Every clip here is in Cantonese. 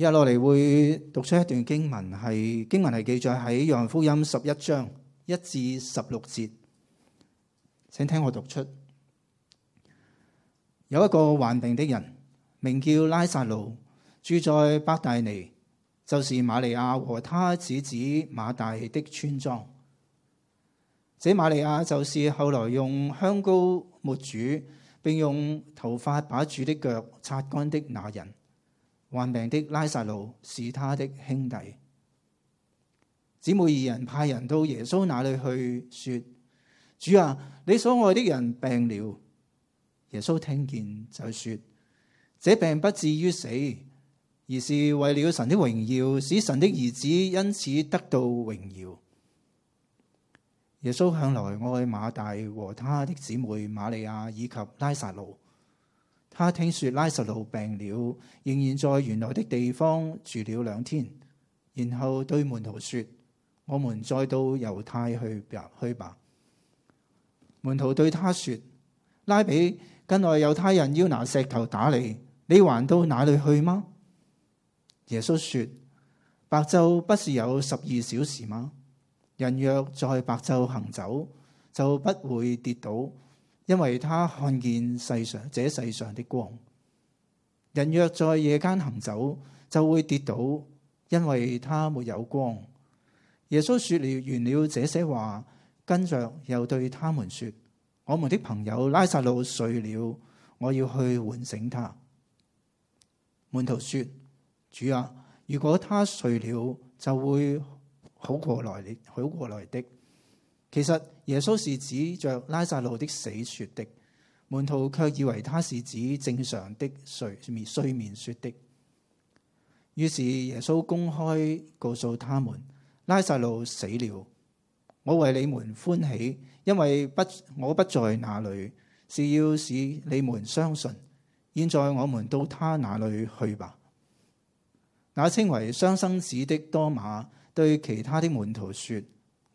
而落嚟會讀出一段經文，係經文係記載喺《約翰福音》十一章一至十六節。請聽我讀出：有一個患病的人，名叫拉撒路，住在伯大尼，就是瑪利亞和她姊姊馬大的村莊。這瑪利亞就是後來用香膏抹主並用頭髮把主的腳擦乾的那人。患病的拉撒路是他的兄弟，姊妹二人派人到耶穌那裏去說：主啊，你所愛的人病了。耶穌聽見就說：這病不至於死，而是為了神的榮耀，使神的兒子因此得到榮耀。耶穌向來愛馬大和他的姊妹瑪利亞以及拉撒路。他聽說拉撒路病了，仍然在原來的地方住了兩天，然後對門徒說：我們再到猶太去吧去吧。門徒對他說：拉比，近來猶太人要拿石頭打你，你還到哪裏去嗎？耶穌說：白晝不是有十二小時嗎？人若在白晝行走，就不會跌倒。因為他看見世上這世上的光，人若在夜間行走，就會跌倒，因為他沒有光。耶穌說了完了這些話，跟着又對他們說：我們的朋友拉撒路睡了，我要去喚醒他。門徒說：主啊，如果他睡了，就會好過來，好過來的。其實耶穌是指着拉撒路的死說的，門徒卻以為他是指正常的睡眠睡說的。於是耶穌公開告訴他們：拉撒路死了。我為你們歡喜，因為不我不在那裡是要使你們相信。現在我們到他那裡去吧。那稱為雙生子的多馬對其他的門徒說。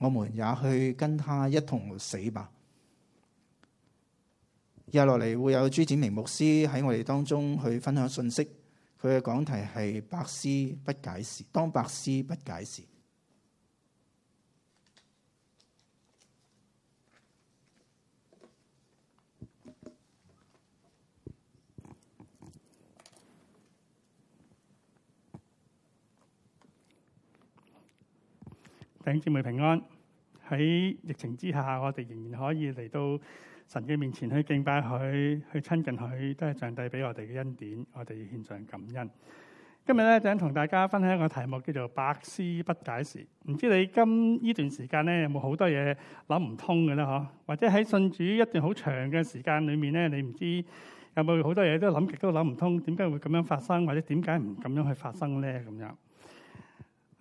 我們也去跟他一同死吧。接落嚟會有朱展明牧師喺我哋當中去分享信息，佢嘅講題係百思不解時，當百思不解時。弟兄姊妹平安。喺疫情之下，我哋仍然可以嚟到神嘅面前去敬拜佢，去親近佢，都係上帝俾我哋嘅恩典，我哋要獻上感恩。今日咧就想同大家分享一個題目，叫做百思不解時，唔知你今呢段時間咧有冇好多嘢諗唔通嘅咧？嗬，或者喺信主一段好長嘅時間裏面咧，你唔知有冇好多嘢都諗極都諗唔通，點解會咁樣發生，或者點解唔咁樣去發生咧？咁樣。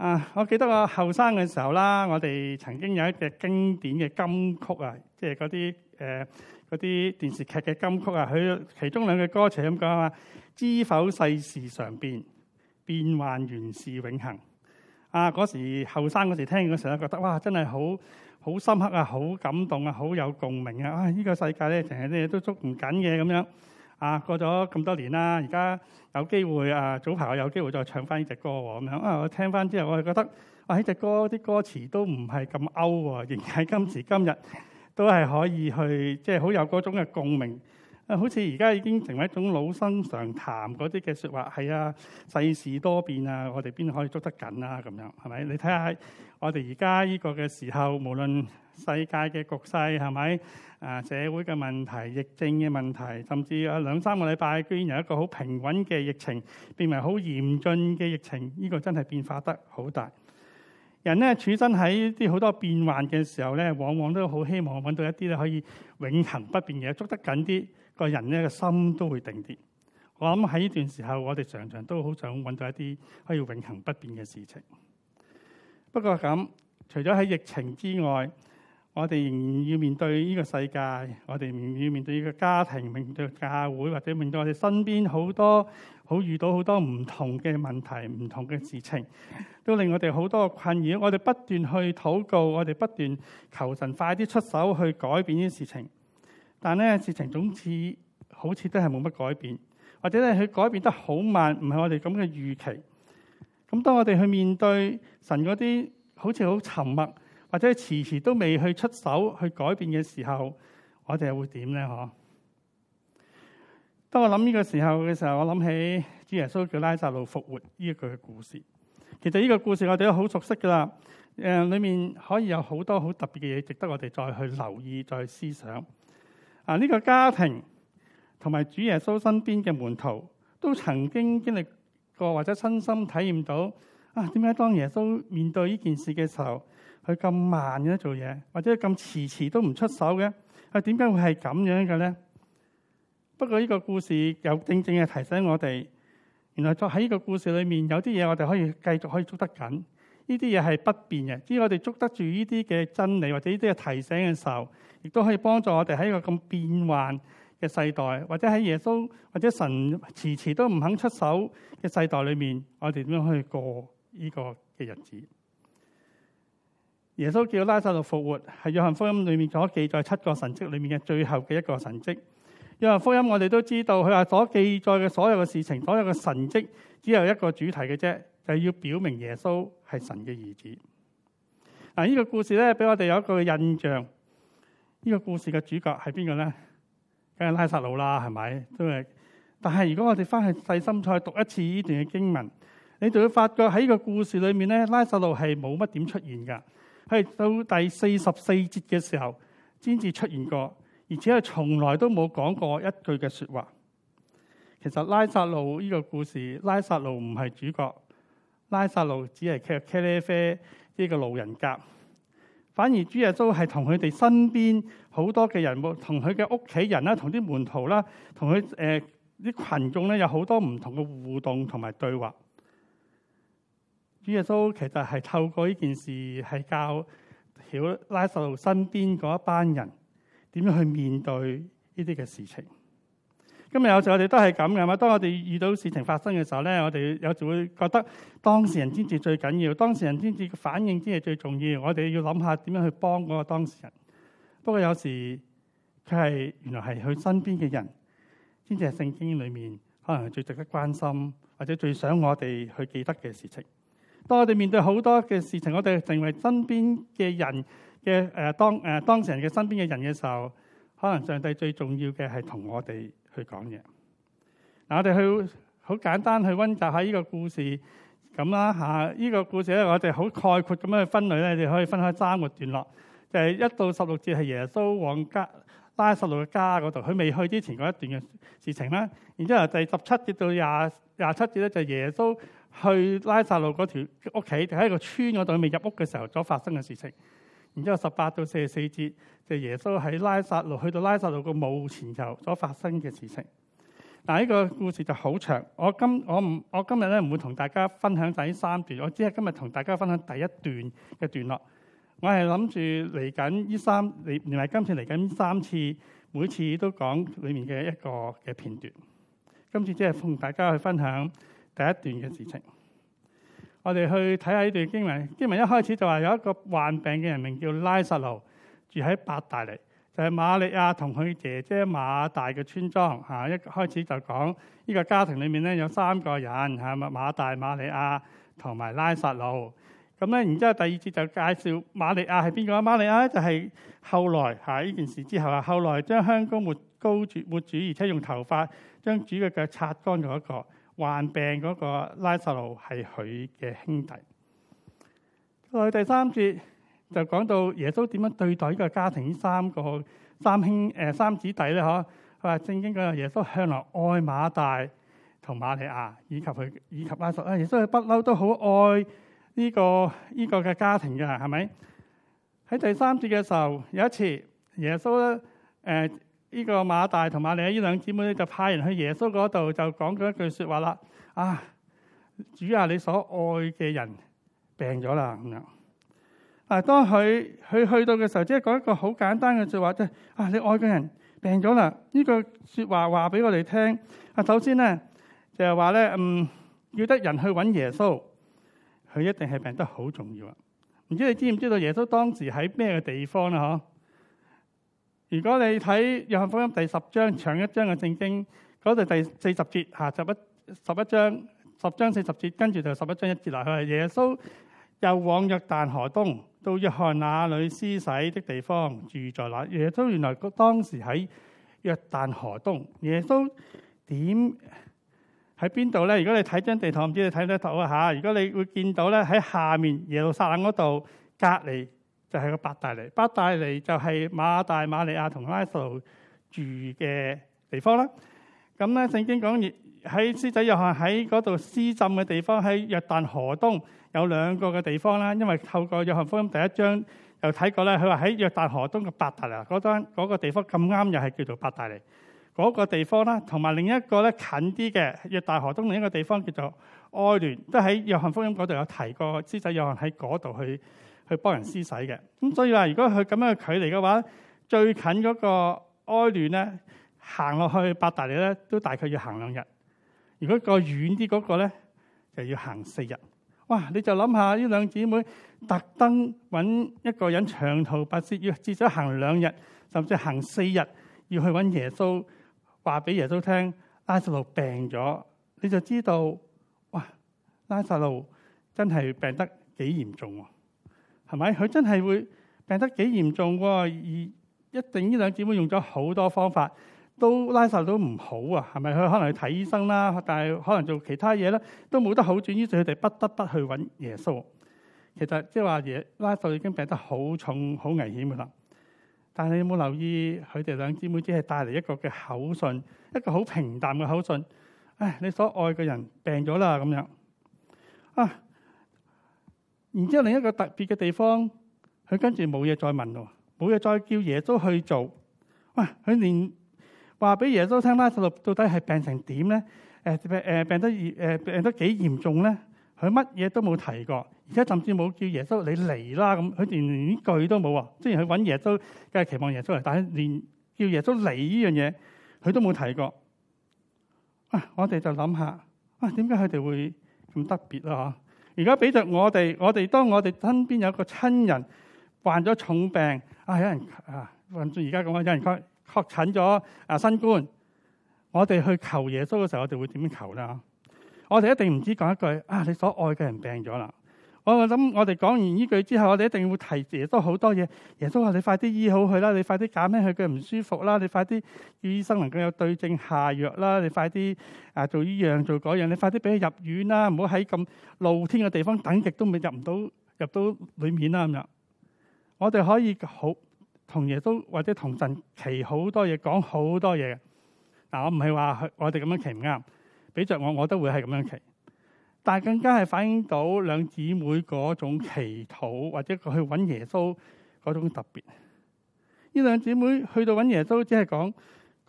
啊！我記得我後生嘅時候啦，我哋曾經有一隻經典嘅金曲啊，即係嗰啲誒啲電視劇嘅金曲啊，佢其中兩句歌詞咁講啊：知否世事常變，變幻原是永恆。啊！嗰時後生嗰時聽嘅時候咧，候覺得哇，真係好好深刻啊，好感動啊，好有共鳴啊！啊！呢個世界咧，成日啲嘢都捉唔緊嘅咁樣。啊，過咗咁多年啦，而家有機會啊，早排我有機會再唱翻呢隻歌喎，咁樣啊，我聽翻之後，我就覺得啊，呢隻歌啲歌詞都唔係咁 out 喎，仍然喺今時今日都係可以去，即係好有嗰種嘅共鳴。好似而家已經成為一種老生常談嗰啲嘅說話，係啊，世事多變啊，我哋邊可以捉得緊啊？咁樣，係咪？你睇下我哋而家呢個嘅時候，無論世界嘅局勢，係咪啊，社會嘅問題、疫症嘅問題，甚至有兩三個禮拜，居然有一個好平穩嘅疫情，變為好嚴峻嘅疫情，呢、這個真係變化得好大。人咧處身喺啲好多變幻嘅時候咧，往往都好希望搵到一啲咧可以永恆不變嘅嘢，捉得緊啲，個人咧個心都會定啲。我諗喺呢段時候，我哋常常都好想搵到一啲可以永恆不變嘅事情。不過咁，除咗喺疫情之外，我哋仍然要面對呢個世界，我哋仍然要面對呢個家庭，面對教會，或者面對我哋身邊好多。好遇到好多唔同嘅問題，唔同嘅事情，都令我哋好多困擾。我哋不斷去禱告，我哋不斷求神快啲出手去改變呢啲事情。但係咧，事情總似好似都係冇乜改變，或者咧佢改變得好慢，唔係我哋咁嘅預期。咁當我哋去面對神嗰啲好似好沉默，或者遲遲都未去出手去改變嘅時候，我哋又會點咧？嗬？當我諗呢個時候嘅時候，我諗起主耶穌叫拉撒路復活呢一個故事。其實呢個故事我哋都好熟悉噶啦。誒，裏面可以有好多好特別嘅嘢，值得我哋再去留意、再去思想。啊，呢個家庭同埋主耶穌身邊嘅門徒都曾經經歷過或者親身體驗到啊，點解當耶穌面對呢件事嘅時候，佢咁慢嘅做嘢，或者咁遲遲都唔出手嘅？啊，點解會係咁樣嘅咧？不過呢個故事有正正嘅提醒我哋，原來在喺呢個故事裏面，有啲嘢我哋可以繼續可以捉得緊。呢啲嘢係不變嘅。只要我哋捉得住呢啲嘅真理或者呢啲嘅提醒嘅時候，亦都可以幫助我哋喺一個咁變幻嘅世代，或者喺耶穌或者神遲遲都唔肯出手嘅世代裏面，我哋點樣可以過呢個嘅日子？耶穌叫拉撒路復活，係約翰福音裏面所記載七個神蹟裏面嘅最後嘅一個神蹟。因為福音我哋都知道，佢話所記載嘅所有嘅事情，所有嘅神蹟，只有一個主題嘅啫，就係要表明耶穌係神嘅兒子。嗱，呢個故事咧，俾我哋有一個印象。呢個故事嘅主角係邊個咧？梗係拉撒路啦，係咪？都係。但係如果我哋翻去細心再讀一次呢段嘅經文，你就會發覺喺呢個故事裏面咧，拉撒路係冇乜點出現噶，係到第四十四節嘅時候，先至出現過。而且佢從來都冇講過一句嘅説話。其實拉撒路呢個故事，拉撒路唔係主角，拉撒路只係劇茄哩啡，呢個路人甲。反而主耶穌係同佢哋身邊好多嘅人物，同佢嘅屋企人啦，同啲門徒啦，同佢誒啲群眾咧，有好多唔同嘅互動同埋對話。主耶穌其實係透過呢件事，係教曉拉撒路身邊嗰一班人。點樣去面對呢啲嘅事情？今日有時我哋都係咁嘅，係咪？當我哋遇到事情發生嘅時候咧，我哋有時會覺得當事人先至最緊要，當事人先至反應先係最重要。我哋要諗下點樣去幫嗰個當事人。不過有時佢係原來係佢身邊嘅人，先至係聖經裏面可能係最值得關心或者最想我哋去記得嘅事情。當我哋面對好多嘅事情，我哋成為身邊嘅人嘅誒當誒當時人嘅身邊嘅人嘅時候，可能上帝最重要嘅係同我哋去講嘢嗱。我哋去好簡單去溫習下呢個故事咁啦嚇。呢個故事咧，我哋好概括咁樣去分類咧，你可以分開三個段落。就係一到十六節係耶穌往家拉撒路嘅家嗰度，佢未去之前嗰一段嘅事情啦。然之後第十七節到廿廿七節咧，就耶穌去拉撒路嗰條屋企，就喺一個村嗰度未入屋嘅時候所發生嘅事情。然之後，十八到四十四節就係、是、耶穌喺拉撒路去到拉撒路嘅墓前頭所發生嘅事情。嗱，呢個故事就好長，我今我唔我今日咧唔會同大家分享第三段，我只係今日同大家分享第一段嘅段落。我係諗住嚟緊呢三，連埋今次嚟緊三次，每次都講裡面嘅一個嘅片段。今次即係同大家去分享第一段嘅事情。我哋去睇下呢段經文。經文一開始就話有一個患病嘅人，名叫拉撒路，住喺伯大尼，就係瑪利亞同佢姐姐馬大嘅村莊。嚇，一開始就講呢個家庭裏面咧有三個人，嚇，馬大、瑪利亞同埋拉撒路。咁咧，然之後第二節就介紹瑪利亞係邊個？瑪利亞就係後來嚇呢件事之後啊，後來將香膏抹膏主、抹主，而且用頭髮將主嘅腳擦乾咗一個。患病嗰個拉撒路係佢嘅兄弟。佢第三節就講到耶穌點樣對待呢個家庭，呢三個三兄誒、呃、三子弟咧，嗬、啊？佢話正經嘅耶穌向來愛馬大同馬利亞，以及佢以及拉撒路。啊，耶穌不嬲都好愛呢、呢個呢、呢個嘅家庭嘅，係咪？喺第三節嘅時候，有一次耶穌誒。呃呢個馬大同馬利亞呢兩姊妹咧就派人去耶穌嗰度，就講咗一句說話啦。啊，主啊，你所愛嘅人病咗啦。咁樣，啊，當佢佢去到嘅時候，即係講一個好簡單嘅說話，即係啊，你愛嘅人病咗啦。呢個說話話俾我哋聽。啊，首先咧就係話咧，嗯，要得人去揾耶穌，佢一定係病得好重要啊。唔知你知唔知道耶穌當時喺咩地方咧？嗬？如果你睇《約翰福音》第十章，長一章嘅聖經，嗰度第四十節吓，十一十一章十章四十節，跟住就十一章一節啦。佢話耶穌又往約旦河東，到約翰那裡施洗的地方住在那。耶穌原來當時喺約旦河東。耶穌點喺邊度咧？如果你睇張地圖，唔知你睇得到啊吓？如果你會見到咧喺下面耶路撒冷嗰度隔籬就係個伯大尼，伯大尼就係馬大馬利亞同拉撒路住嘅地方啦。咁咧，聖經講喺施洗約翰喺嗰度施浸嘅地方，喺約旦河東有兩個嘅地方啦。因為透過約翰福音第一章又睇過咧，佢話喺約旦河東嘅伯大尼。嗰單嗰個地方咁啱，又係叫做伯大尼。嗰個地方啦。同埋另一個咧近啲嘅約旦河東另一個地方叫做埃聯，都喺約翰福音嗰度有提過，施洗約翰喺嗰度去。去幫人施洗嘅，咁所以話，如果佢咁樣嘅距離嘅話，最近嗰個哀戀咧，行落去伯大尼咧，都大概要行兩日；如果個遠啲嗰個咧，就要行四日。哇！你就諗下呢兩姊妹特登揾一個人長途跋涉，要至少行兩日，甚至行四日，要去揾耶穌話俾耶穌聽，拉撒路病咗，你就知道哇！拉撒路真係病得幾嚴重喎。係咪？佢真係會病得幾嚴重？而一定呢兩姊妹用咗好多方法，都拉撒路都唔好啊？係咪？佢可能去睇醫生啦，但係可能做其他嘢啦，都冇得好轉。於是佢哋不得不去揾耶穌。其實即係話，耶、就是、拉撒路已經病得好重、好危險噶啦。但係你有冇留意？佢哋兩姊妹只係帶嚟一個嘅口信，一個好平淡嘅口信。唉，你所愛嘅人病咗啦，咁樣啊。然之後另一個特別嘅地方，佢跟住冇嘢再問咯，冇嘢再叫耶穌去做。喂，佢連話俾耶穌聽啦，到底係病成點咧？誒、呃，病誒、呃、病得嚴誒病得幾嚴重咧？佢乜嘢都冇提過，而家甚至冇叫耶穌你嚟啦咁，佢連連句都冇啊！即係佢揾耶穌，梗係期望耶穌嚟，但係連叫耶穌嚟呢樣嘢，佢都冇提過。啊，我哋就諗下，啊，點解佢哋會咁特別咯？而家畀着我哋，我哋當我哋身邊有一個親人患咗重病啊，有人啊，按照而家咁啊，有人確確診咗啊新冠，我哋去求耶穌嘅時候，我哋會點樣求啦？我哋一定唔知講一句啊，你所愛嘅人病咗啦。我諗我哋講完呢句之後，我哋一定會提耶穌好多嘢。耶穌話：你快啲醫好佢啦，你快啲減咩佢佢唔舒服啦，你快啲叫醫生能夠有對症下藥啦，你快啲啊做呢樣做嗰樣，你快啲俾佢入院啦，唔好喺咁露天嘅地方等，極都未入唔到入到裏面啦咁樣。我哋可以好同耶穌或者同神祈好多嘢，講好多嘢。嗱，我唔係話我哋咁樣祈唔啱，俾着我我都會係咁樣祈。但更加係反映到兩姊妹嗰種祈禱，或者佢去揾耶穌嗰種特別。呢兩姊妹去到揾耶穌只是說，只係講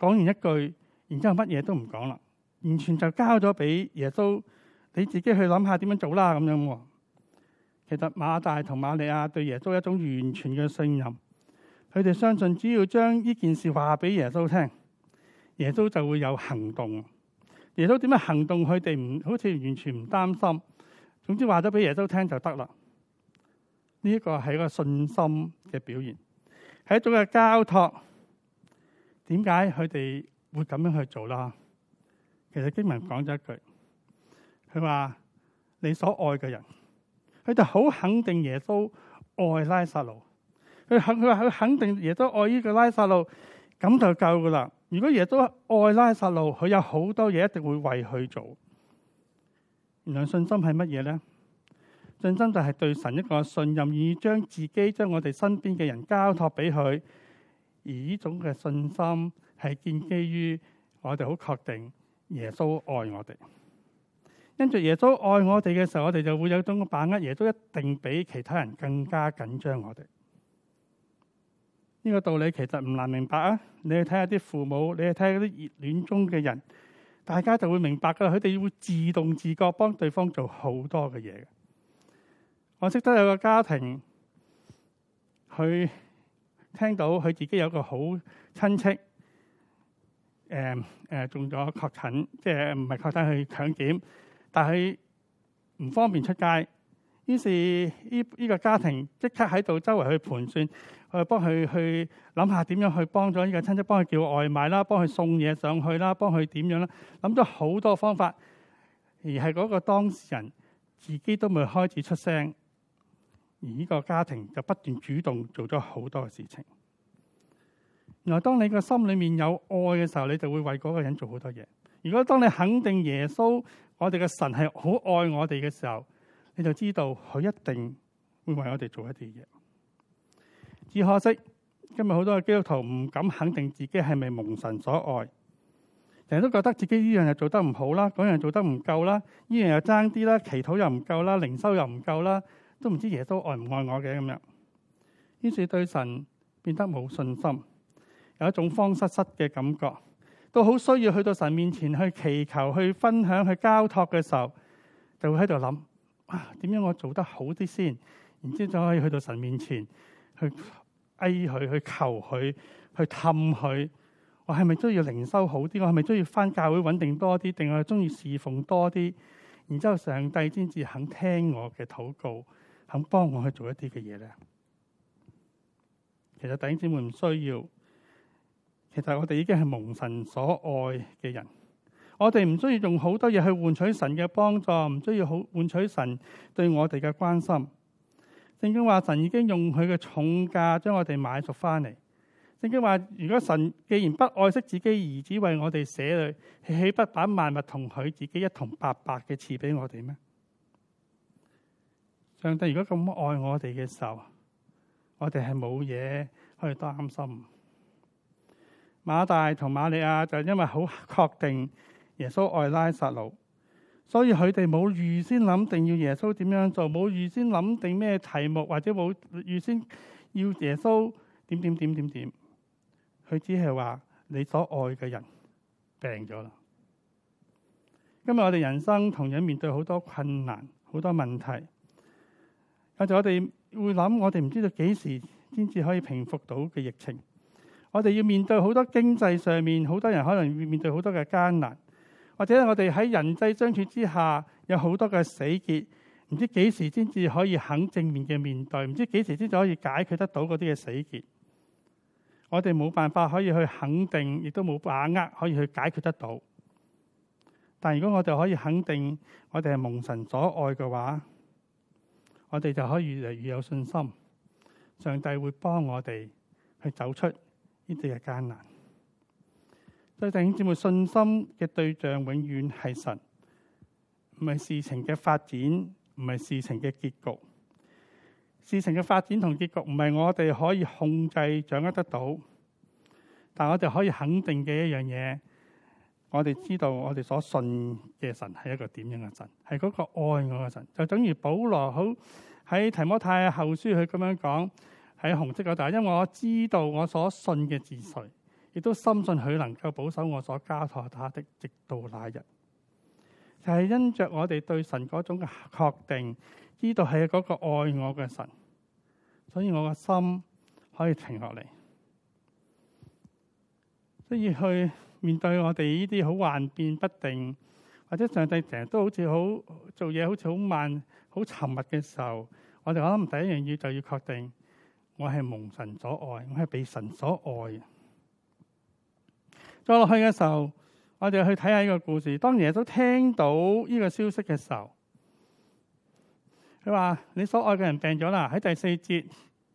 講完一句，然之後乜嘢都唔講啦，完全就交咗俾耶穌，你自己去諗下點樣做啦咁樣。其實馬大同馬利亞對耶穌一種完全嘅信任，佢哋相信只要將呢件事話俾耶穌聽，耶穌就會有行動。耶穌點樣行動佢哋？佢哋唔好似完全唔擔心，總之話咗俾耶穌聽就得啦。呢、呢個、一個係個信心嘅表現，係一種嘅交託。點解佢哋會咁樣去做啦？其實經文講咗一句，佢話你所愛嘅人，佢就好肯定耶穌愛拉撒路。佢肯佢話佢肯定耶穌愛呢個拉撒路，咁就夠噶啦。如果耶穌愛拉撒路，佢有好多嘢一定會為佢做。原來信心係乜嘢呢？信心就係對神一個信任，願意將自己，將我哋身邊嘅人交託俾佢。而呢種嘅信心係建基於我哋好確定耶穌愛我哋。跟住耶穌愛我哋嘅時候，我哋就會有種把握，耶穌一定比其他人更加緊張我哋。呢個道理其實唔難明白啊！你去睇下啲父母，你去睇下啲熱戀中嘅人，大家就會明白噶啦。佢哋會自動自覺幫對方做好多嘅嘢。我識得有個家庭，佢聽到佢自己有一個好親戚，誒、呃、誒、呃、中咗確診，即係唔係確診去搶檢，但係佢唔方便出街，於是呢呢、呢個家庭即刻喺度周圍去盤算。誒，幫佢去諗下點樣去幫咗呢個親戚，幫佢叫外賣啦，幫佢送嘢上去啦，幫佢點樣啦。諗咗好多方法，而係嗰個當事人自己都未開始出聲，而呢個家庭就不斷主動做咗好多嘅事情。然後當你個心裏面有愛嘅時候，你就會為嗰個人做好多嘢。如果當你肯定耶穌，我哋嘅神係好愛我哋嘅時候，你就知道佢一定會為我哋做一啲嘢。只可惜今日好多嘅基督徒唔敢肯定自己係咪蒙神所愛，人都覺得自己呢樣又做得唔好啦，嗰樣做得唔夠啦，呢樣又爭啲啦，祈禱又唔夠啦，靈修又唔夠啦，都唔知耶穌愛唔愛我嘅咁樣，於是對神變得冇信心，有一種慌失失嘅感覺，都好需要去到神面前去祈求、去分享、去交託嘅時候，就會喺度諗，啊，點樣我做得好啲先，然之後就可以去到神面前去。A 佢去求佢去氹佢，我係咪中意靈修好啲？我係咪中意翻教會穩定多啲，定係中意侍奉多啲？然之後上帝先至肯聽我嘅禱告，肯幫我去做一啲嘅嘢咧。其實弟兄姊妹唔需要，其實我哋已經係蒙神所愛嘅人，我哋唔需要用好多嘢去換取神嘅幫助，唔需要好換取神對我哋嘅關心。聖經話，神已經用佢嘅重價將我哋買贖翻嚟。聖經話，如果神既然不愛惜自己兒子為我哋捨去，豈不把萬物同佢自己一同白白嘅賜俾我哋咩？上帝如果咁愛我哋嘅時候，我哋係冇嘢可以擔心。馬大同馬利亞就因為好確定耶穌愛拉撒路。所以佢哋冇預先諗定要耶穌點樣做，冇預先諗定咩題目，或者冇預先要耶穌點點點點點。佢只係話你所愛嘅人病咗啦。今日我哋人生同樣面對好多困難、好多問題。有陣我哋會諗，我哋唔知道幾時先至可以平復到嘅疫情。我哋要面對好多經濟上面，好多人可能要面對好多嘅艱難。或者我哋喺人際相處之下，有好多嘅死結，唔知幾時先至可以肯正面嘅面對，唔知幾時先至可以解決得到嗰啲嘅死結。我哋冇辦法可以去肯定，亦都冇把握可以去解決得到。但如果我哋可以肯定我哋係蒙神所愛嘅話，我哋就可以越嚟越有信心，上帝會幫我哋去走出呢啲嘅艱難。對弟兄姊妹，信心嘅對象永遠係神，唔係事情嘅發展，唔係事情嘅結局。事情嘅發展同結局唔係我哋可以控制、掌握得到。但我哋可以肯定嘅一樣嘢，我哋知道我哋所信嘅神係一個點樣嘅神，係嗰個愛我嘅神。就等於保羅好喺提摩太後書佢咁樣講，喺紅色嗰度，因為我知道我所信嘅是誰。亦都深信佢能夠保守我所交託他的，直到那日。就係因着我哋對神嗰種嘅確定，知道係嗰個愛我嘅神，所以我個心可以停落嚟，所以去面對我哋呢啲好幻變不定，或者上帝成日都好似好做嘢，好似好慢、好沉默嘅時候，我哋我諗第一樣嘢就要確定，我係蒙神所愛，我係被神所愛。再落去嘅時候，我哋去睇下呢個故事。當耶穌聽到呢個消息嘅時候，佢話：你所愛嘅人病咗啦。喺第四節，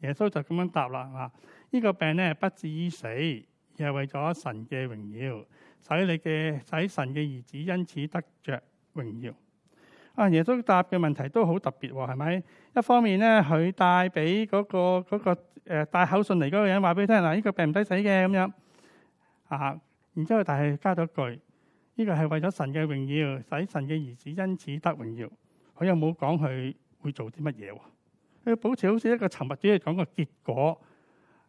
耶穌就咁樣答啦：啊，呢個病呢不至於死，而係為咗神嘅榮耀，使你嘅使神嘅兒子因此得着榮耀。啊，耶穌答嘅問題都好特別，係咪？一方面呢，佢帶俾嗰、那個嗰、那個誒、那個、帶口信嚟嗰個人話俾你聽：嗱，呢個病唔使死嘅咁樣啊。然之後，但係加咗句，呢個係為咗神嘅榮耀，使神嘅兒子因此得榮耀。佢又冇講佢會做啲乜嘢，佢保持好似一個沉默主義講個結果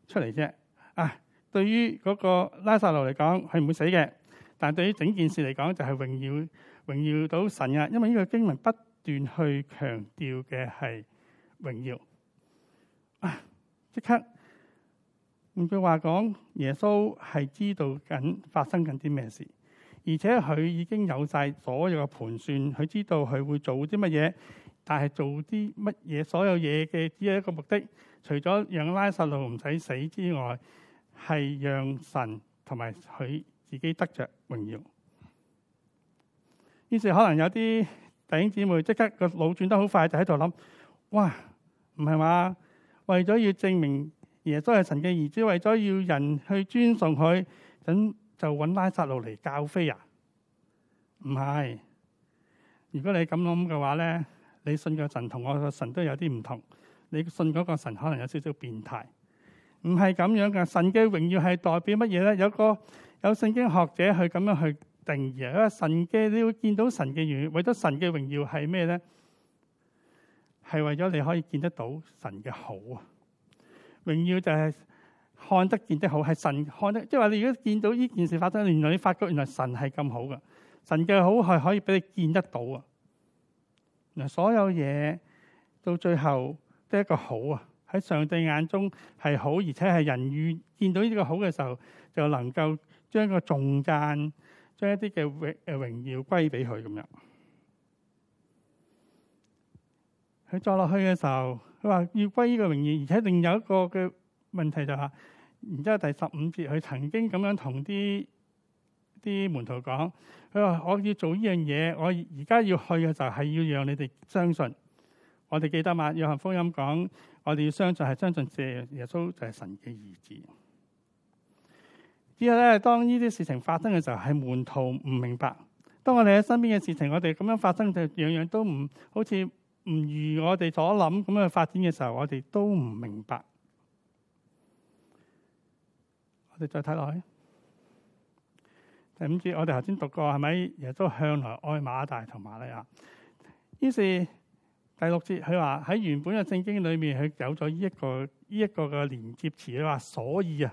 出嚟啫。啊，對於嗰個拉撒路嚟講，係唔會死嘅。但係對於整件事嚟講，就係榮耀，榮耀到神啊！因為呢個經文不斷去強調嘅係榮耀啊，即刻。換句話講，耶穌係知道緊發生緊啲咩事，而且佢已經有晒所有嘅盤算，佢知道佢會做啲乜嘢，但係做啲乜嘢，所有嘢嘅只有一個目的，除咗讓拉撒路唔使死之外，係讓神同埋佢自己得着榮耀。於是可能有啲弟兄姊妹即刻個腦轉得好快，就喺度諗，哇，唔係嘛？為咗要證明。耶穌係神嘅兒子，為咗要人去尊崇佢，咁就揾拉撒路嚟教飛啊？唔係？如果你咁諗嘅話咧，你信個神同我個神都有啲唔同。你信嗰個神可能有少少變態。唔係咁樣㗎，神嘅榮耀係代表乜嘢咧？有個有聖經學者去咁樣去定義啊。因為神嘅你會見到神嘅榮耀，為咗神嘅榮耀係咩咧？係為咗你可以見得到神嘅好啊！榮耀就係看得見得好，係神看得即係話。你如果見到呢件事發生，原來你發覺原來神係咁好嘅，神嘅好係可以俾你見得到啊！嗱，所有嘢到最後都係一個好啊。喺上帝眼中係好，而且係人遇見到呢個好嘅時候，就能夠將個重贊，將一啲嘅榮誒榮耀歸俾佢咁樣。佢再落去嘅時候。佢話要歸依個名義，而且另有一個嘅問題就係、是，然之後第十五節佢曾經咁樣同啲啲門徒講，佢話我要做呢樣嘢，我而家要去嘅就係要讓你哋相信，我哋記得嘛？約翰福音講，我哋要相信係相信借耶穌就係神嘅意志。之後咧，當呢啲事情發生嘅時候，係門徒唔明白。當我哋喺身邊嘅事情，我哋咁樣發生就樣樣都唔好似。唔如我哋所諗咁樣發展嘅時候，我哋都唔明白。我哋再睇落去第五節，我哋頭先讀過係咪？是是耶穌向來愛馬大同馬利亞，於是第六節佢話喺原本嘅聖經裏面，佢有咗呢一個呢一個嘅連接詞，佢話所以啊，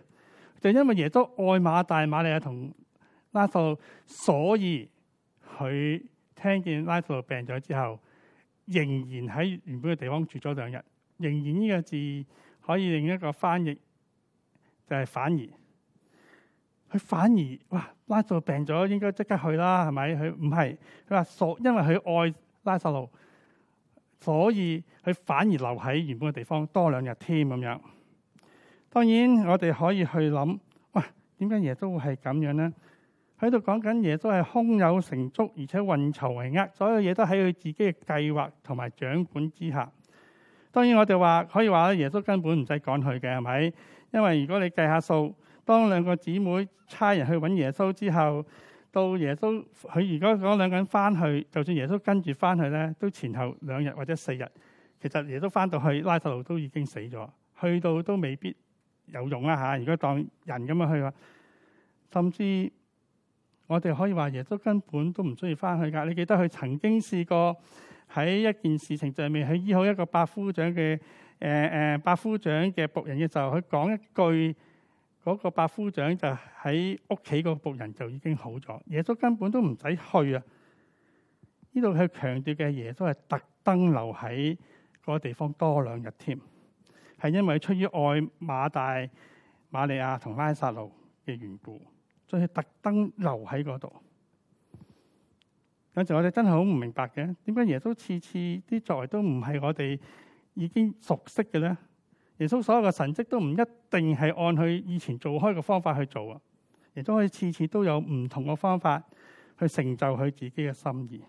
就因為耶穌愛馬大、馬利亞同拉撒路，所以佢聽見拉撒路病咗之後。仍然喺原本嘅地方住咗兩日，仍然呢個字可以另一個翻譯就係、是、反而，佢反而哇，拉撒路病咗，應該即刻去啦，係咪？佢唔係，佢話所因為佢愛拉撒路，所以佢反而留喺原本嘅地方多兩日添咁樣。當然我哋可以去諗，哇，點解嘢都係咁樣咧？喺度講緊耶穌係胸有成竹，而且運籌帷幄，所有嘢都喺佢自己嘅計劃同埋掌管之下。當然我哋話可以話咧，耶穌根本唔使趕去嘅，係咪？因為如果你計下數，當兩個姊妹差人去揾耶穌之後，到耶穌佢如果講兩個人翻去，就算耶穌跟住翻去咧，都前後兩日或者四日，其實耶穌翻到去拉撒路都已經死咗，去到都未必有用啦吓。如果當人噉樣去話，甚至。我哋可以話，耶穌根本都唔中意翻去㗎。你記得佢曾經試過喺一件事情上面，佢醫好一個百夫長嘅，誒誒，百夫長嘅僕人嘅時候，佢講一句，嗰個百夫長就喺屋企嗰個僕人就已經好咗。耶穌根本都唔使去啊！呢度佢強調嘅耶穌係特登留喺嗰個地方多兩日添，係因為出於愛馬大馬利亞同拉撒路嘅緣故。再特登留喺嗰度，有陣我哋真係好唔明白嘅，點解耶穌次次啲作為都唔係我哋已經熟悉嘅咧？耶穌所有嘅神蹟都唔一定係按佢以前做開嘅方法去做啊！亦都可以次次都有唔同嘅方法去成就佢自己嘅心意，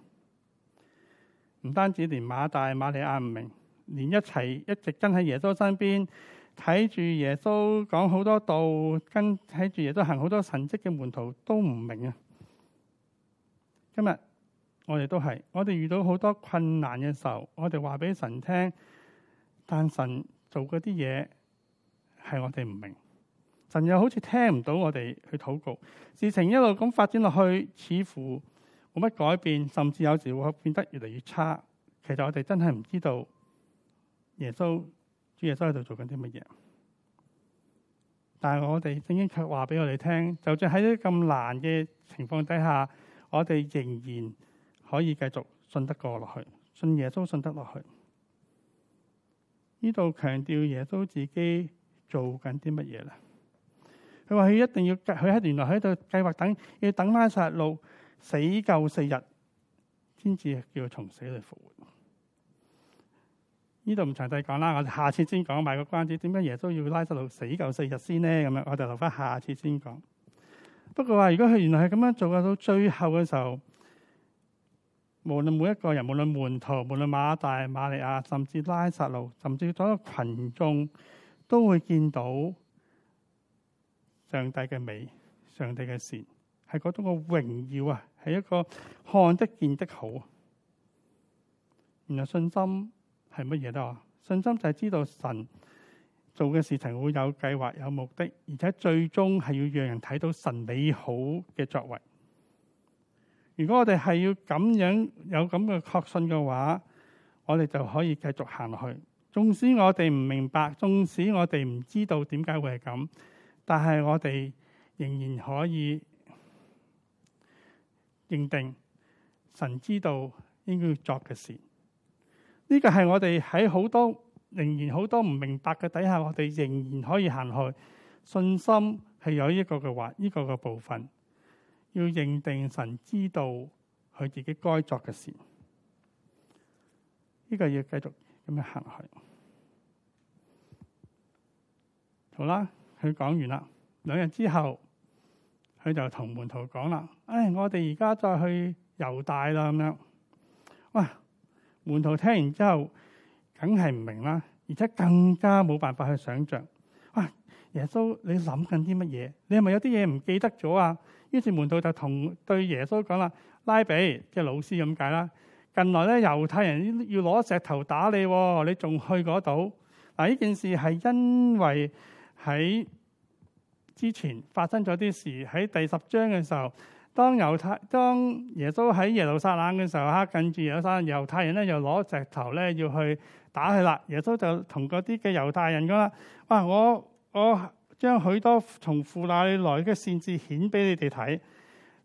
唔單止連馬大馬利亞唔明，連一齊一直跟喺耶穌身邊。睇住耶穌講好多道，跟睇住耶穌行好多神蹟嘅門徒都唔明啊！今日我哋都係，我哋遇到好多困難嘅時候，我哋話俾神聽，但神做嗰啲嘢係我哋唔明。神又好似聽唔到我哋去禱告，事情一路咁發展落去，似乎冇乜改變，甚至有時會變得越嚟越差。其實我哋真係唔知道耶穌。主耶穌喺度做緊啲乜嘢？但係我哋聖經卻話俾我哋聽，就算喺啲咁難嘅情況底下，我哋仍然可以繼續信得過落去，信耶穌信得落去。呢度強調耶穌自己做緊啲乜嘢啦？佢話佢一定要佢喺原來喺度計劃等，要等拉撒路死夠四日，先至叫佢從死嚟復活呢度唔詳細講啦，我哋下次先講。買個關子，點解耶穌要拉撒路死夠四日先呢？咁樣我哋留翻下，下次先講。不過話，如果佢原來係咁樣做嘅，到最後嘅時候，無論每一個人，無論門徒，無論馬大、馬利亞，甚至拉撒路，甚至所有群眾，都會見到上帝嘅美、上帝嘅善，係嗰種個榮耀啊，係一個看得見的好。原來信心。係乜嘢咯？信心就係知道神做嘅事情會有計劃、有目的，而且最終係要讓人睇到神美好嘅作為。如果我哋係要咁樣有咁嘅確信嘅話，我哋就可以繼續行落去。縱使我哋唔明白，縱使我哋唔知道點解會係咁，但係我哋仍然可以認定神知道應該要做嘅事。呢個係我哋喺好多仍然好多唔明白嘅底下，我哋仍然可以行去。信心係有一個嘅話，呢個嘅部分要認定神知道佢自己該作嘅事。呢個要繼續咁樣行去。好啦，佢講完啦。兩日之後，佢就同門徒講啦：哎，我哋而家再去猶大啦。咁樣，哇！門徒聽完之後，梗係唔明啦，而且更加冇辦法去想象。哇！耶穌，你諗緊啲乜嘢？你係咪有啲嘢唔記得咗啊？於是門徒就同對耶穌講啦：拉比，即係老師咁解啦。近來咧，猶太人要攞石頭打你，你仲去嗰度？嗱，呢件事係因為喺之前發生咗啲事喺第十章嘅時候。當猶太當耶穌喺耶路撒冷嘅時候，吓，跟住耶路撒冷，猶太人咧，又攞石頭咧要去打佢啦。耶穌就同嗰啲嘅猶太人講啦，哇！我我將許多從父那裏來嘅善事顯俾你哋睇，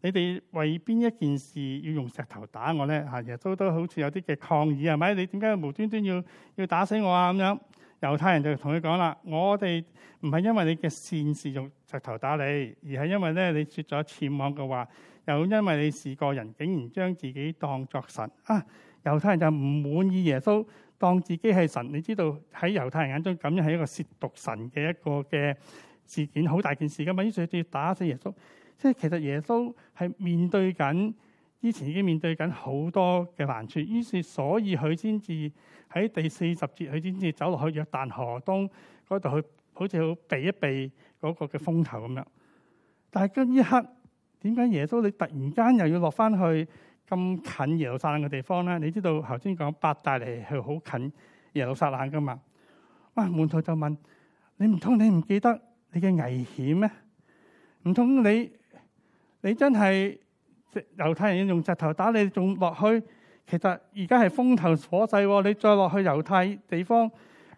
你哋為邊一件事要用石頭打我咧？吓，耶穌都好似有啲嘅抗議啊，咪你點解無端端要要打死我啊咁樣？猶太人就同佢講啦：我哋唔係因為你嘅善事用石頭打你，而係因為咧你説咗僭妄嘅話，又因為你是個人竟然將自己當作神啊！猶太人就唔滿意耶穌當自己係神，你知道喺猶太人眼中咁樣係一個褻瀆神嘅一個嘅事件，好大件事噶嘛，於是就要打死耶穌。即係其實耶穌係面對緊。之前已經面對緊好多嘅難處，於是所以佢先至喺第四十節，佢先至走落去約旦河東嗰度去，好似避一避嗰個嘅風頭咁樣。但係今呢刻，點解耶穌你突然間又要落返去咁近耶路撒冷嘅地方咧？你知道頭先講伯大尼係好近耶路撒冷㗎嘛？哇！門徒就問：你唔通你唔記得你嘅危險咩？唔通你你真係？猶太人要用石頭打你，仲落去？其實而家係風頭火勢，你再落去猶太地方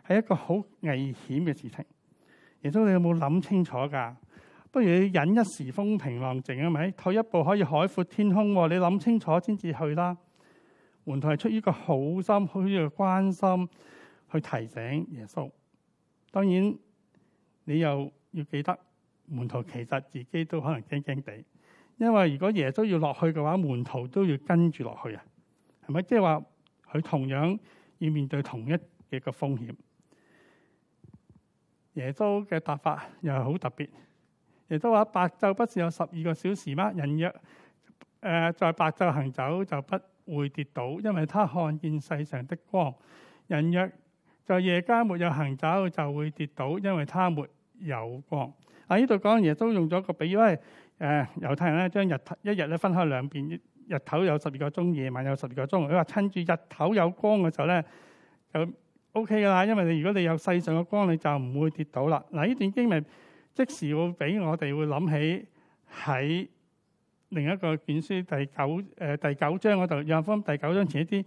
係一個好危險嘅事情。耶穌，你有冇諗清楚噶？不如你忍一時風平浪靜，係咪？退一步可以海闊天空。你諗清楚先至去啦。門徒係出於一個好心，好嘅關心去提醒耶穌。當然，你又要記得，門徒其實自己都可能驚驚地。因為如果耶穌要落去嘅話，門徒都要跟住落去啊，係咪？即係話佢同樣要面對同一嘅個風險。耶穌嘅答法又係好特別。耶穌話：白晝不是有十二個小時嗎？人若誒在白晝行走，就不會跌倒，因為他看見世上的光。人若在夜間沒有行走，就會跌倒，因為他沒有光。啊！呢度講耶穌用咗個比喻。誒、啊、猶太人咧，將日頭一日咧分開兩邊，日頭有十二個鐘，夜晚有十二個鐘。佢話趁住日頭有光嘅時候咧，就 O K 㗎啦。因為你如果你有世上嘅光，你就唔會跌倒啦。嗱、啊，呢段經文即時會俾我哋會諗起喺另一個卷書第九誒、呃、第九章嗰度，約翰福音第九章前一啲，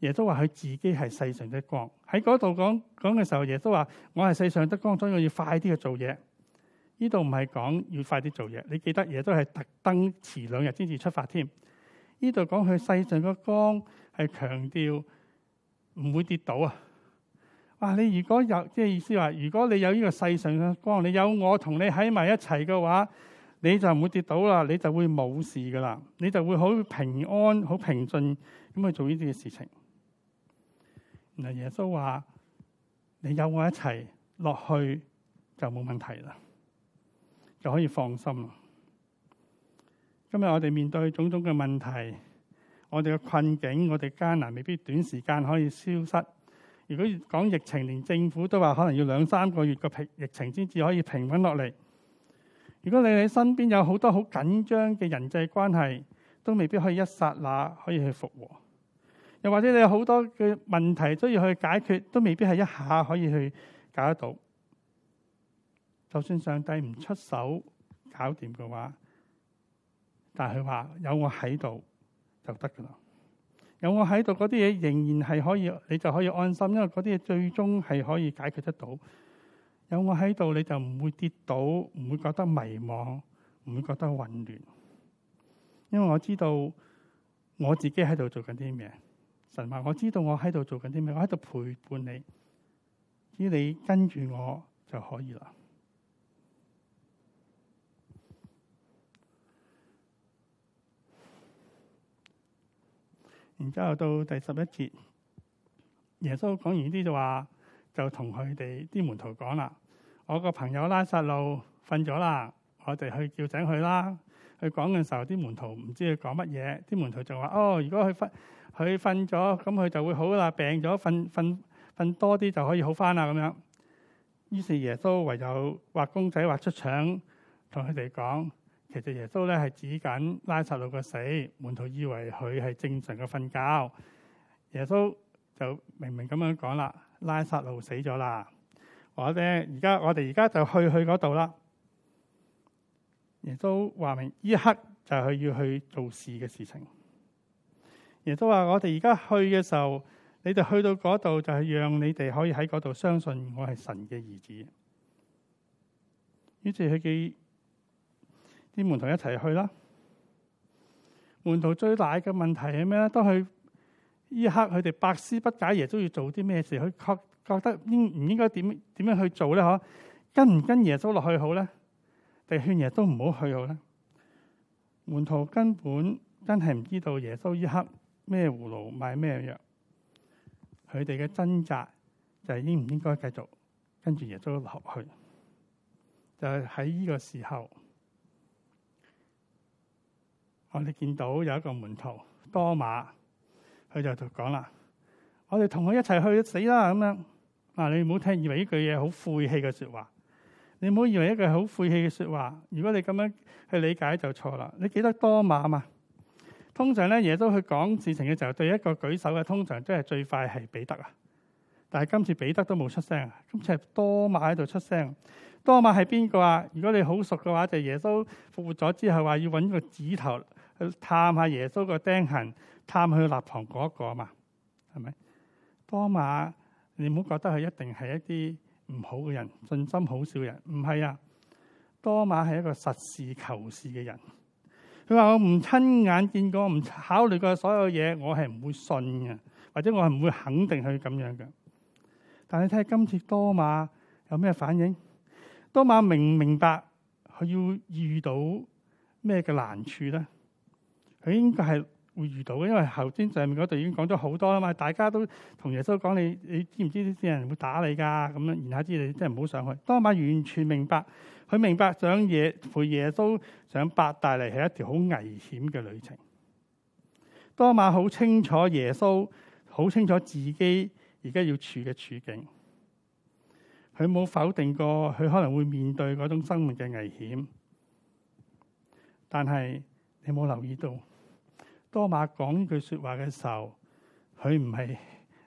耶穌話佢自己係世上嘅光。喺嗰度講講嘅時候，耶穌話：我係世上的光，所以我要快啲去做嘢。呢度唔係講要快啲做嘢，你記得耶穌係特登遲兩日先至出發添。呢度講佢世上嘅光係強調唔會跌倒啊。哇！你如果有即係意思話，如果你有呢個世上嘅光，你有我同你喺埋一齊嘅話，你就唔會跌倒啦，你就會冇事噶啦，你就會好平安、好平靜咁去做呢啲嘅事情。原嚟耶穌話：你有我一齊落去就冇問題啦。就可以放心。今日我哋面對種種嘅問題，我哋嘅困境，我哋艱難，未必短時間可以消失。如果講疫情，連政府都話可能要兩三個月個平疫情先至可以平穩落嚟。如果你喺身邊有好多好緊張嘅人際關係，都未必可以一剎那可以去復和。又或者你有好多嘅問題都要去解決，都未必係一下可以去搞得到。就算上帝唔出手搞掂嘅話，但佢話有我喺度就得噶啦。有我喺度，嗰啲嘢仍然係可以，你就可以安心，因為嗰啲嘢最終係可以解決得到。有我喺度，你就唔會跌倒，唔會覺得迷茫，唔會覺得混亂，因為我知道我自己喺度做緊啲咩，神話，我知道我喺度做緊啲咩，我喺度陪伴你，只要你跟住我就可以啦。然之後到第十一節，耶穌講完呢啲就話，就同佢哋啲門徒講啦：我個朋友拉撒路瞓咗啦，我哋去叫醒佢啦。佢講嘅時候，啲門徒唔知佢講乜嘢，啲門徒就話：哦，如果佢瞓，佢瞓咗，咁佢就會好啦，病咗瞓瞓瞓多啲就可以好翻啦。咁樣，於是耶穌唯有畫公仔畫出腸，同佢哋講。其實耶穌咧係指緊拉撒路嘅死，門徒以為佢係正常嘅瞓覺，耶穌就明明咁樣講啦：拉撒路死咗啦！我哋而家我哋而家就去去嗰度啦。耶穌話明，依刻就係佢要去做事嘅事情。耶穌話：我哋而家去嘅時候，你哋去到嗰度就係讓你哋可以喺嗰度相信我係神嘅兒子。於是佢記。啲門徒一齊去啦。門徒最大嘅問題係咩咧？都係呢刻，佢哋百思不解，耶穌要做啲咩事？佢覺覺得應唔應該點點樣去做咧？嗬，跟唔跟耶穌落去好咧？定勸耶穌唔好去好咧？門徒根本真係唔知道耶穌呢刻咩葫蘆賣咩藥。佢哋嘅掙扎就係應唔應該繼續跟住耶穌落去？就係喺呢個時候。我哋見到有一個門徒多馬，佢就就講啦：我哋同佢一齊去死啦！咁樣，嗱，你唔好聽以為呢句嘢好晦氣嘅說話，你唔好以為一句好晦氣嘅說話。如果你咁樣去理解就錯啦。你記得多馬嘛？通常咧，耶穌去講事情嘅時候，對一個舉手嘅，通常都係最快係彼得啊。但係今次彼得都冇出聲，今次係多馬喺度出聲。多馬係邊個啊？如果你好熟嘅話，就耶穌復活咗之後話要搵個指頭。去探下耶穌個釘痕，探去立堂嗰、嗰個嘛，係咪多馬？你唔好覺得佢一定係一啲唔好嘅人，信心好少嘅人唔係啊。多馬係一個實事求是嘅人。佢話：我唔親眼見過，唔考慮過所有嘢，我係唔會信嘅，或者我係唔會肯定佢咁樣嘅。但你睇下今次多馬有咩反應？多馬明唔明白？佢要遇到咩嘅難處咧？佢應該係會遇到，因為頭先上面嗰度已經講咗好多啦嘛。大家都同耶穌講：你你知唔知啲人會打你噶？咁樣，然後知你真係唔好上去。多馬完全明白，佢明白上耶陪耶穌上伯大尼係一條好危險嘅旅程。多馬好清楚耶穌，好清楚自己而家要處嘅處境。佢冇否定過佢可能會面對嗰種生命嘅危險，但係你冇留意到。多馬講句說話嘅時候，佢唔係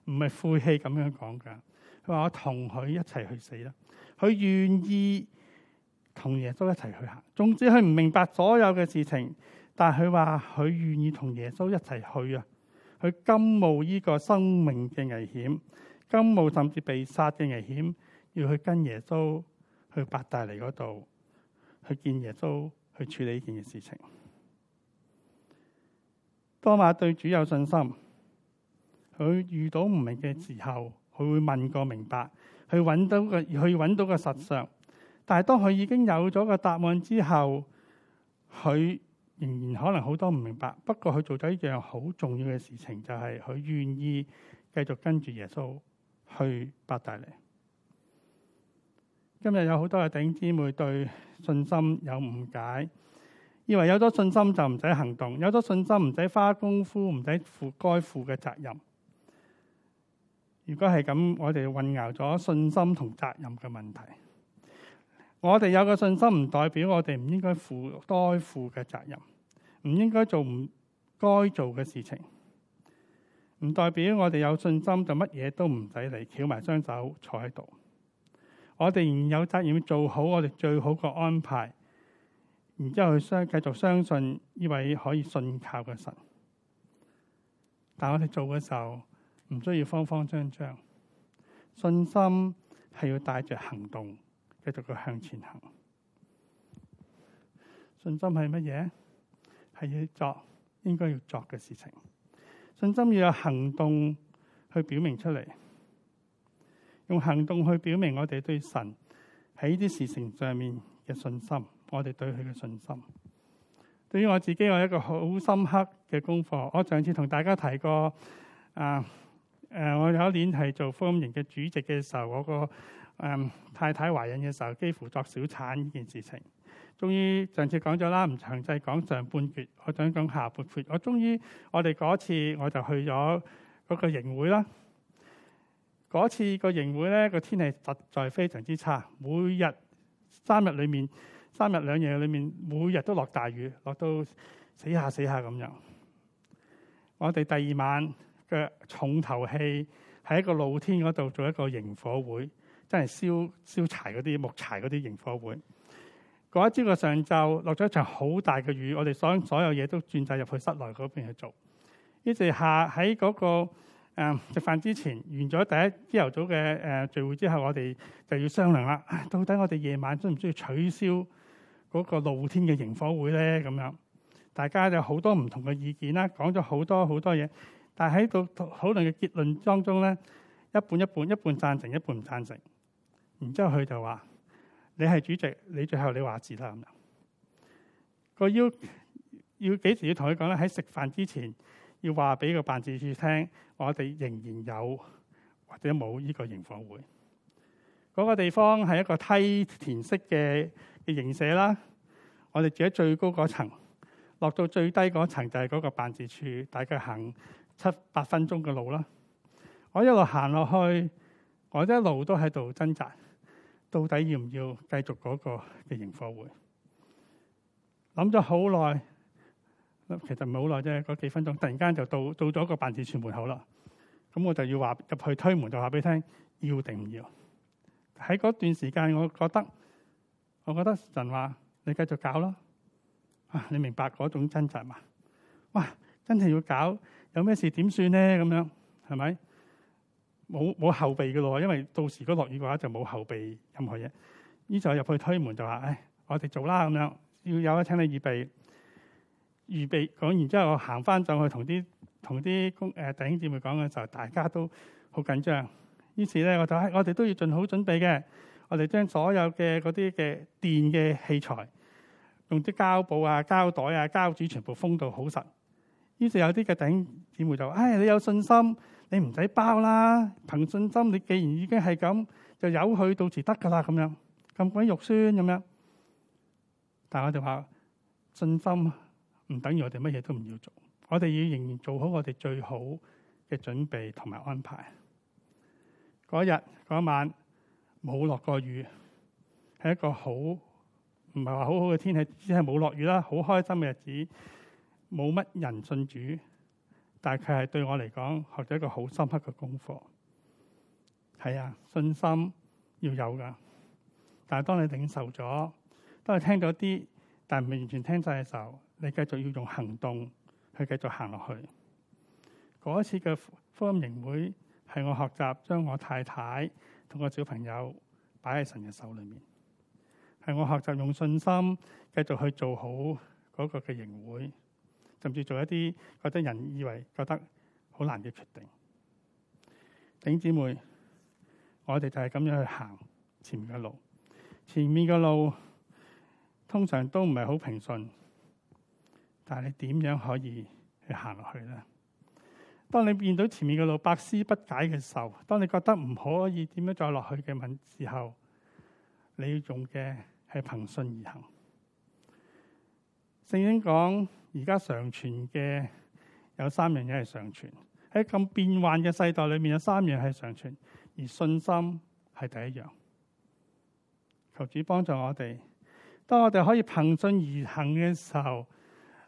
唔係負氣咁樣講噶。佢話我同佢一齊去死啦，佢願意同耶穌一齊去行。總之，佢唔明白所有嘅事情，但係佢話佢願意同耶穌一齊去啊。佢甘冒呢個生命嘅危險，甘冒甚至被殺嘅危險，要去跟耶穌去伯大尼嗰度去見耶穌去處理呢件嘅事情。多馬對主有信心，佢遇到唔明嘅時候，佢會問個明白，去揾到個去揾到個實相。但係當佢已經有咗個答案之後，佢仍然可能好多唔明白。不過佢做咗一樣好重要嘅事情，就係、是、佢願意繼續跟住耶穌去伯大尼。今日有好多嘅弟兄姊妹對信心有誤解。以為有咗信心就唔使行動，有咗信心唔使花功夫，唔使負該負嘅責任。如果係咁，我哋混淆咗信心同責任嘅問題。我哋有個信心唔代表我哋唔應該負該負嘅責任，唔應該做唔該做嘅事情。唔代表我哋有信心就乜嘢都唔使嚟，翹埋雙手坐喺度。我哋有責任做好我哋最好嘅安排。然之後，相繼續相信呢位可以信靠嘅神。但我哋做嘅時候，唔需要慌慌張張。信心係要帶著行動，繼續去向前行。信心係乜嘢？係要作應該要作嘅事情。信心要有行動去表明出嚟，用行動去表明我哋對神喺呢啲事情上面嘅信心。我哋對佢嘅信心。對於我自己，我有一個好深刻嘅功課。我上次同大家提過，啊、呃、誒，我有一年係做福音營嘅主席嘅時候，我個誒、呃、太太懷孕嘅時候，幾乎作小產呢件事情。終於上次講咗啦，唔詳細講上半段，我想講下半段。我終於我哋嗰次我就去咗嗰個營會啦。嗰次個營會咧，個天氣實在非常之差，每日三日裡面，三日兩夜裏面，每日都落大雨，落到死下死下咁樣。我哋第二晚嘅重頭戲喺一個露天嗰度做一個營火會，真係燒，燒柴嗰啲木柴嗰啲營火會。嗰一朝個上晝落咗一場好大嘅雨，我哋所所有嘢都轉晒入去室內嗰邊去做。一直下喺嗰、那個、呃、食飯之前完咗第一朝頭早嘅誒聚會之後，我哋就要商量啦、哎，到底我哋夜晚需唔需要取消？嗰個露天嘅營火會咧，咁樣大家有好多唔同嘅意見啦，講咗好多好多嘢，但喺度討論嘅結論當中咧，一半一半，一半贊成，一半唔贊成。然之後佢就話：你係主席，你最後你話事啦。咁樣個要要幾時要同佢講咧？喺食飯之前要話俾個辦事處聽，我哋仍然有或者冇呢個營火會。嗰、那個地方係一個梯田式嘅。營社啦，我哋住喺最高嗰層，落到最低嗰層就係嗰個辦事處，大概行七八分鐘嘅路啦。我一路行落去，我一路都喺度掙扎，到底要唔要繼續嗰個嘅營火會？諗咗好耐，其實唔係好耐啫，嗰幾分鐘，突然間就到到咗個辦事處門口啦。咁我就要話入去推門就你，就話俾你聽要定唔要。喺嗰段時間，我覺得。我覺得神話，你繼續搞咯。啊，你明白嗰種掙扎嘛？哇，真係要搞，有咩事點算呢？咁樣係咪？冇冇後備嘅咯，因為到時如果落雨嘅話，就冇後備任何嘢。於是入去推門就話：，唉、哎，我哋做啦咁樣，要有得請你預備。預備講完之後我走回，我行翻進去同啲同啲工誒、呃、弟兄姊妹講嘅時候，大家都好緊張。於是咧，我就說我哋都要盡好準備嘅。我哋將所有嘅嗰啲嘅電嘅器材，用啲膠布啊、膠袋啊、膠紙，全部封到好實。於是有啲嘅弟兄姊妹就話：，唉、哎，你有信心，你唔使包啦。憑信心，你既然已經係咁，就由佢到時得㗎啦。咁樣咁鬼肉酸咁樣。但係我哋話信心唔等於我哋乜嘢都唔要做，我哋要仍然做好我哋最好嘅準備同埋安排。嗰日嗰晚。冇落過雨，係一個好，唔係話好好嘅天氣，只係冇落雨啦。好開心嘅日子，冇乜人信主，但係佢係對我嚟講學咗一個好深刻嘅功課。係啊，信心要有㗎，但係當你領受咗，當你聽到啲，但係唔完全聽晒嘅時候，你繼續要用行動去繼續行落去。嗰一次嘅福音營會係我學習將我太太。通過小朋友擺喺神嘅手裏面，係我學習用信心繼續去做好嗰個嘅營會，甚至做一啲覺得人以為覺得好難嘅決定。弟兄姊妹，我哋就係咁樣去行前面嘅路，前面嘅路通常都唔係好平順，但係你點樣可以去行落去咧？當你見到前面嘅路百思不解嘅時候，當你覺得唔可以點樣再落去嘅問之後，你要用嘅係憑信而行。聖經講而家常存嘅有三樣嘢，係常存，喺咁變幻嘅世代裏面，有三樣係常存，而信心係第一樣。求主幫助我哋，當我哋可以憑信而行嘅時候。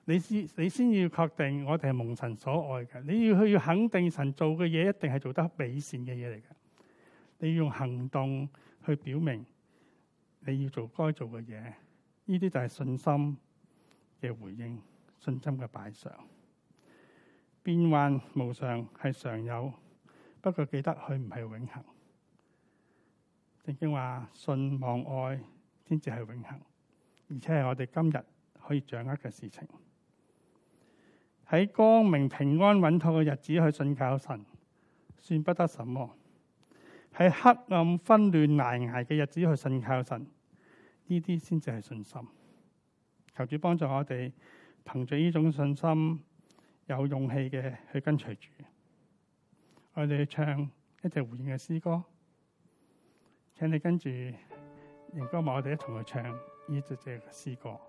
你先你先要確定我哋係蒙神所愛嘅，你要去要肯定神做嘅嘢一定係做得美善嘅嘢嚟嘅。你要用行動去表明你要做該做嘅嘢，呢啲就係信心嘅回應，信心嘅擺上。變幻無常係常有，不過記得佢唔係永恒。聖經話：信望愛先至係永恒，而且係我哋今日可以掌握嘅事情。喺光明平安穩妥嘅日子去信靠神，算不得什麼；喺黑暗紛亂難挨嘅日子去信靠神，呢啲先至係信心。求主幫助我哋，憑住呢種信心，有勇氣嘅去跟隨主。我哋去唱一隻回應嘅詩歌，請你跟住，歌埋我哋一同去唱呢隻隻詩歌。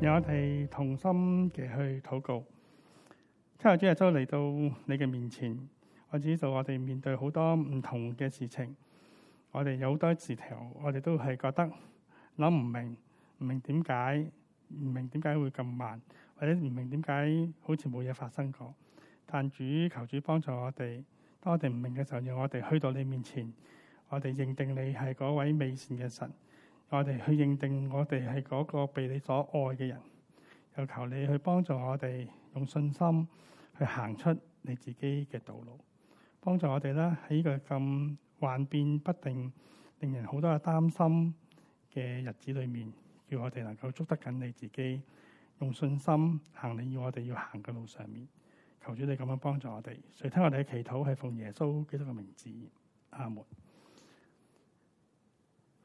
讓我哋同心嘅去禱告。今日主日都嚟到你嘅面前，我知道我哋面對好多唔同嘅事情，我哋有好多字條，我哋都係覺得諗唔明，唔明點解，唔明點解會咁慢，或者唔明點解好似冇嘢發生過。但主求主幫助我哋，當我哋唔明嘅時候，讓我哋去到你面前，我哋認定你係嗰位美善嘅神。我哋去認定我哋係嗰個被你所愛嘅人，又求你去幫助我哋用信心去行出你自己嘅道路，幫助我哋啦，喺呢個咁幻變不定、令人好多嘅擔心嘅日子裏面，叫我哋能夠捉得緊你自己，用信心行你要我哋要行嘅路上面，求主你咁樣幫助我哋。垂聽我哋嘅祈禱，係奉耶穌基督嘅名字，阿門。